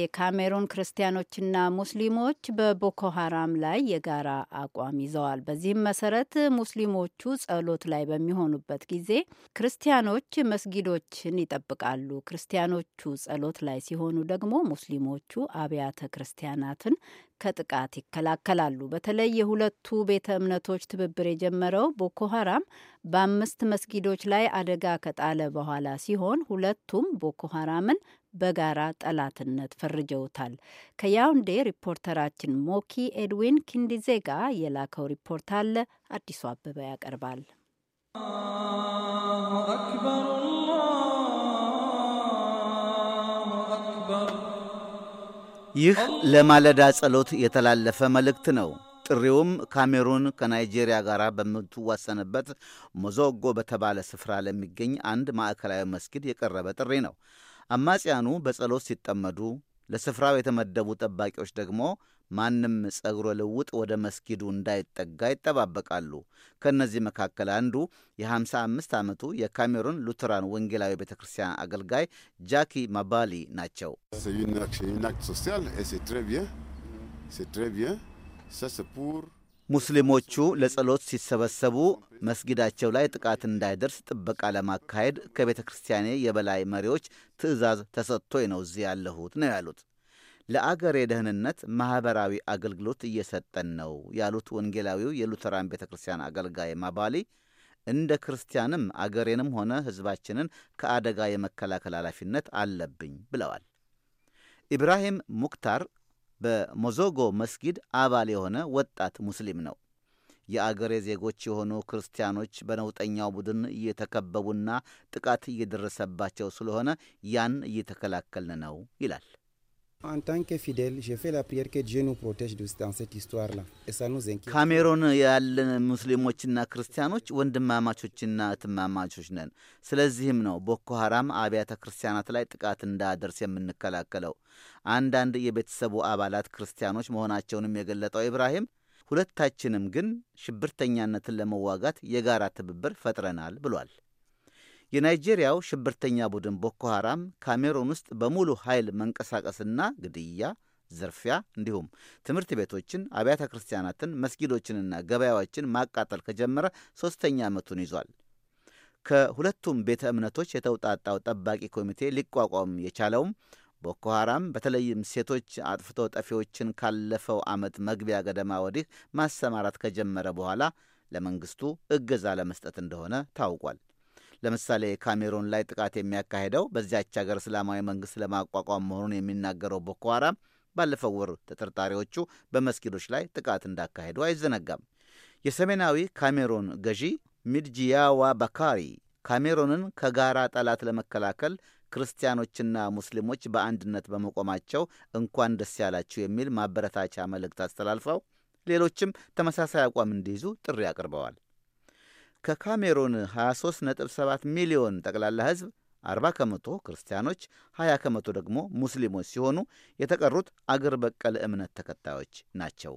የካሜሩን ክርስቲያኖችና ሙስሊሞች በቦኮ ሀራም ላይ የጋራ አቋም ይዘዋል። በዚህም መሰረት ሙስሊሞቹ ጸሎት ላይ በሚሆኑበት ጊዜ ክርስቲያኖች መስጊዶችን ይጠብቃሉ። ክርስቲያኖቹ ጸሎት ላይ ሲሆኑ ደግሞ ሙስሊሞቹ አብያተ ክርስቲያናትን ከጥቃት ይከላከላሉ። በተለይ የሁለቱ ቤተ እምነቶች ትብብር የጀመረው ቦኮ ሀራም በአምስት መስጊዶች ላይ አደጋ ከጣለ በኋላ ሲሆን ሁለቱም ቦኮ ሀራምን በጋራ ጠላትነት ፈርጀውታል። ከያውንዴ ሪፖርተራችን ሞኪ ኤድዊን ኪንዲዜጋ የላከው ሪፖርት አለ። አዲሱ አበበ ያቀርባል። ይህ ለማለዳ ጸሎት የተላለፈ መልእክት ነው። ጥሪውም ካሜሩን ከናይጄሪያ ጋር በምትዋሰንበት ሞዞጎ በተባለ ስፍራ ለሚገኝ አንድ ማዕከላዊ መስጊድ የቀረበ ጥሪ ነው። አማጽያኑ በጸሎት ሲጠመዱ፣ ለስፍራው የተመደቡ ጠባቂዎች ደግሞ ማንም ጸጉረ ልውጥ ወደ መስጊዱ እንዳይጠጋ ይጠባበቃሉ። ከእነዚህ መካከል አንዱ የ55 ዓመቱ የካሜሩን ሉትራን ወንጌላዊ ቤተ ክርስቲያን አገልጋይ ጃኪ ማባሊ ናቸው። ሙስሊሞቹ ለጸሎት ሲሰበሰቡ መስጊዳቸው ላይ ጥቃት እንዳይደርስ ጥበቃ ለማካሄድ ከቤተ ክርስቲያኔ የበላይ መሪዎች ትዕዛዝ ተሰጥቶኝ ነው እዚህ ያለሁት ነው ያሉት። ለአገሬ ደህንነት ማኅበራዊ አገልግሎት እየሰጠን ነው ያሉት ወንጌላዊው የሉተራን ቤተ ክርስቲያን አገልጋይ ማባሊ እንደ ክርስቲያንም አገሬንም ሆነ ሕዝባችንን ከአደጋ የመከላከል ኃላፊነት አለብኝ ብለዋል። ኢብራሂም ሙክታር በሞዞጎ መስጊድ አባል የሆነ ወጣት ሙስሊም ነው። የአገሬ ዜጎች የሆኑ ክርስቲያኖች በነውጠኛው ቡድን እየተከበቡና ጥቃት እየደረሰባቸው ስለሆነ ያን እየተከላከልን ነው ይላል። ካሜሮን ያለን ሙስሊሞችና ክርስቲያኖች ወንድማማቾችና እትማማቾች ነን። ስለዚህም ነው ቦኮ ሐራም አብያተ ክርስቲያናት ላይ ጥቃት እንዳደርስ የምንከላከለው። አንዳንድ የቤተሰቡ አባላት ክርስቲያኖች መሆናቸውንም የገለጠው ኢብራሂም ሁለታችንም ግን ሽብርተኛነትን ለመዋጋት የጋራ ትብብር ፈጥረናል ብሏል። የናይጄሪያው ሽብርተኛ ቡድን ቦኮ ሐራም ካሜሩን ውስጥ በሙሉ ኃይል መንቀሳቀስና ግድያ፣ ዝርፊያ እንዲሁም ትምህርት ቤቶችን፣ አብያተ ክርስቲያናትን፣ መስጊዶችንና ገበያዎችን ማቃጠል ከጀመረ ሦስተኛ ዓመቱን ይዟል። ከሁለቱም ቤተ እምነቶች የተውጣጣው ጠባቂ ኮሚቴ ሊቋቋም የቻለውም ቦኮ ሐራም በተለይም ሴቶች አጥፍቶ ጠፊዎችን ካለፈው ዓመት መግቢያ ገደማ ወዲህ ማሰማራት ከጀመረ በኋላ ለመንግስቱ እገዛ ለመስጠት እንደሆነ ታውቋል። ለምሳሌ ካሜሮን ላይ ጥቃት የሚያካሄደው በዚያች ሀገር እስላማዊ መንግስት ለማቋቋም መሆኑን የሚናገረው ቦኮ ባለፈው ወር ተጠርጣሪዎቹ በመስጊዶች ላይ ጥቃት እንዳካሄዱ አይዘነጋም። የሰሜናዊ ካሜሮን ገዢ ሚድጂያዋ ባካሪ ካሜሮንን ከጋራ ጠላት ለመከላከል ክርስቲያኖችና ሙስሊሞች በአንድነት በመቆማቸው እንኳን ደስ ያላችሁ የሚል ማበረታቻ መልእክት አስተላልፈው ሌሎችም ተመሳሳይ አቋም እንዲይዙ ጥሪ አቅርበዋል። ከካሜሩን 23.7 ሚሊዮን ጠቅላላ ህዝብ 40 ከመቶ ክርስቲያኖች፣ 20 ከመቶ ደግሞ ሙስሊሞች ሲሆኑ የተቀሩት አገር በቀል እምነት ተከታዮች ናቸው።